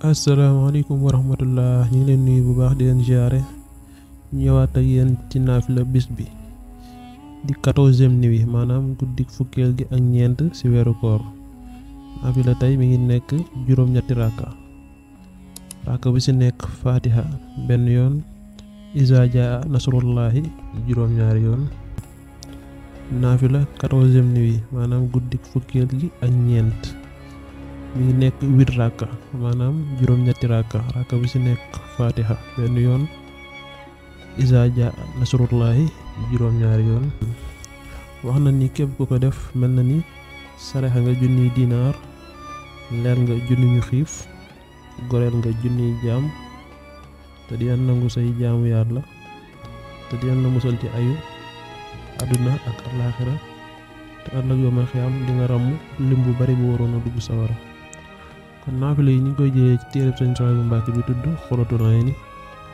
Assalamualaikum warahmatullahi rahmatullah ñu leen nuyu bu baax di leen jaare ñëwaat ak yéen ci naafila bis bi di 14e mana maanaam guddik fukkeel gi ak ñeent ci weeru koor naafila tey mi ngi nekk juróom-ñetti raaka raaka bu ci nekk fatiha benn yoon isa jaa nasrullahi juróom-ñaari yoon naafila 14e bi maanaam guddik fukkeel gi ak ñeent mi nekk wir raka manam juróom ñetti raka raka bu ci nekk fatiha benn yoon iza ja nasrullahi juróom ñaari yoon wax na ni képp ku ko def mel na ni nga junni dinar leer nga junni ñu xiif goreel nga junni jaam te di nangu say jaamu yàlla te di na musal ci ayu aduna ak alaxira te ànd ak yomal xiyam di nga ràmm limbu bari bu waroon a dugg sawara kon naafila lay ñu koy jëlee ci téré téereb Sëriñ bu Mbacké bi tudd Xuratul Ayni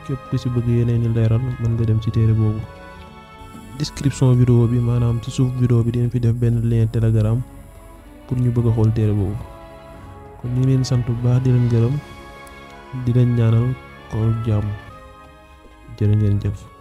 képp ku ci bëgg yeneen i leeral mën nga dem ci téré bobu description vidéo bi manam ci suuf vidéo bi dina fi def ben lien telegram pour ñu bëgg xol téré bobu kon ñu leen sant bu baax di leen gërëm di leen ñaanal ko jamm jërë ngeen jëf